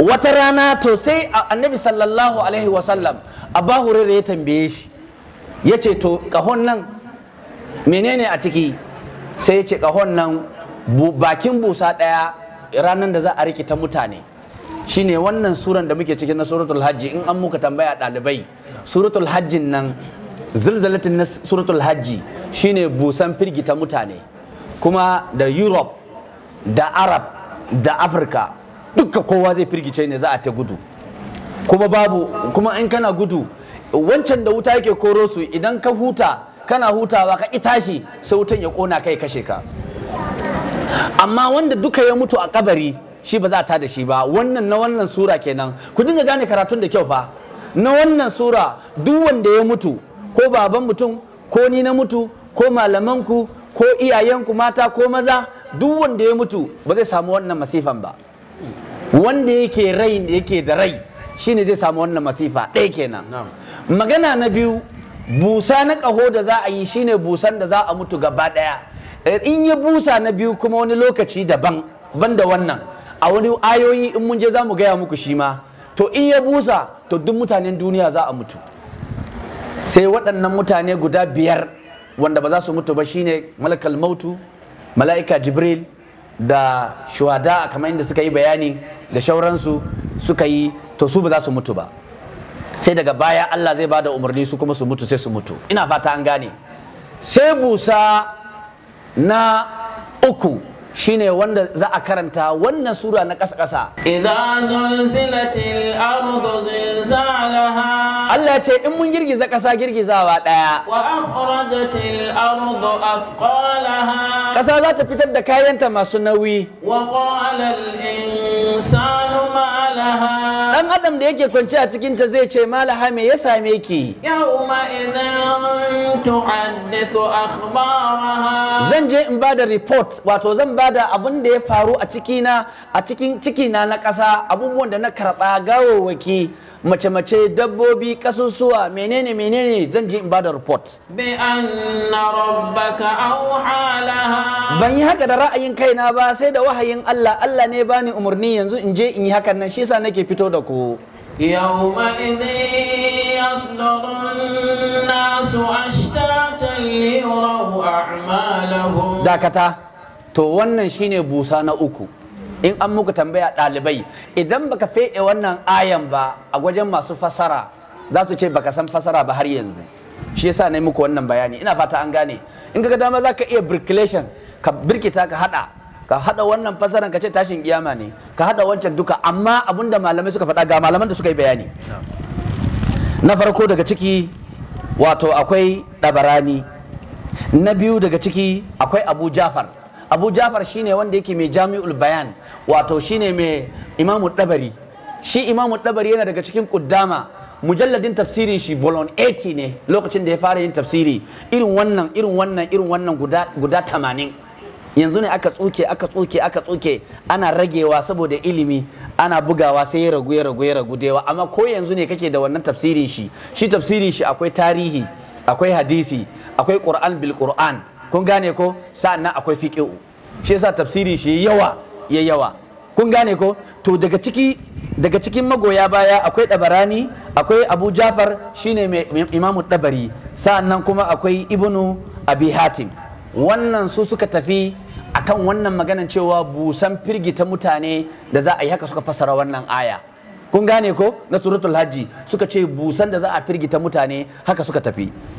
wata rana to sai annabi sallallahu alaihi wasallam abba hurairu ya tambaye shi ya ce to kahon nan menene a ciki sai ya ce kahon nan bakin busa ɗaya ranar da za a rikita mutane shine wannan suran da muke cikin na suratul hajji in an muka tambaya ɗalibai suratul hajjin nan zilzalatin na suratul hajji shine busan firgita mutane kuma da europe da arab da afirka dukka kowa zai firgice ne za a ta gudu kuma babu kuma in kana gudu wancan da wuta yake koro su idan ka huta kana hutawa ka itashi sai wutan ya kona kai kashe ka amma wanda duka ya mutu a kabari shi ba za ta da shi ba wannan na wannan sura kenan ku dinga gane karatun da kyau fa na wannan sura duk wanda ya mutu ko baban mutum ko ni na mutu ko malamanku ko iyayenku mata ko maza duk wanda ya mutu ba zai samu wannan masifan ba wanda yake rai da yake da rai shine zai samu wannan masifa ɗaya kenan magana na biyu busa na ƙaho da za a yi shine busan da za a mutu gaba ɗaya eh, in ya busa na biyu kuma wani lokaci daban ban da wannan a wani ayoyi in mun je za mu gaya muku shi ma to in ya busa to duk mutanen duniya za a mutu sai waɗannan mutane guda biyar wanda ba za su mutu ba shine malakal mautu mala'ika jibril da shuhada kamar inda suka yi bayani da shauransu suka yi to su ba za su mutu ba sai daga baya Allah zai bada umarni su kuma su mutu sai su mutu ina fata an gane sai busa na uku shine wanda za a karanta wannan sura na ƙasa-ƙasa. Idan zulzilatil ardu zilzalaha Allah ce in mun girgiza ƙasa girgizawa ɗaya wa akhrajatil ardu athqalaha ƙasa za ta fitar da kayanta masu nauyi wa qala al insanu ma laha dan adam da yake kwance a cikin ta zai ce malaha me ya same ki yauma idan tuhaddithu akhbaraha zan je in bada report wato zan ba da abin da ya faru a cikina a cikin cikina na ƙasa abubuwan da na karɓa waki, mace-mace dabbobi kasusuwa menene menene zan je in bada report bi anna rabbaka laha ban yi haka da ra'ayin kaina ba sai da wahayin Allah Allah ne bani umarni yanzu in je in yi hakan nan shi yasa nake fito da farko يومئذ يصدر الناس أشتاتا ليروا أعمالهم دكتا to wannan shine busa na uku in an muka tambaya ɗalibai idan baka feɗe wannan ayan ba a wajen masu fasara za su ce baka san fasara ba har yanzu shi yasa na muku wannan bayani ina fata an gane in ka ga dama za ka iya birkilation ka birkita ka hada ka hada wannan fasaran ka ce tashin kiyama ne ka hada wancan duka amma abinda malamai suka faɗa ga malaman da suka yi bayani na farko daga ciki wato akwai ɗabarani na biyu daga ciki akwai abu jafar abu jafar shine wanda yake mai jami'ul bayan wato shine mai imamu Dabari. shi imamu Dabari yana daga cikin kuddama mujalladin tafsirin shi volon 80 ne lokacin da ya fara yin tafsiri irin wannan irin wannan irin wannan guda 80 yanzu ne aka tsuke aka tsuke aka tsuke ana ragewa saboda ilimi ana bugawa sai ya ragu ya ragu ya ragu da amma ko yanzu ne kake da wannan tafsirin shi shi tafsirin shi akwai tarihi akwai hadisi akwai qur'an bil qur'an kun gane ko sa'annan akwai fiqhu shi yasa tafsirin shi yawa ya yawa kun gane ko to daga ciki daga cikin magoya baya akwai dabarani akwai abu jafar shine imamu dabari sa'annan kuma akwai ibnu abi hatim wannan su suka tafi akan wannan maganan cewa busan firgita mutane da za a yi haka suka fassara wannan aya kun gane ko na suratul hajji suka ce busan da za a firgita mutane haka suka tafi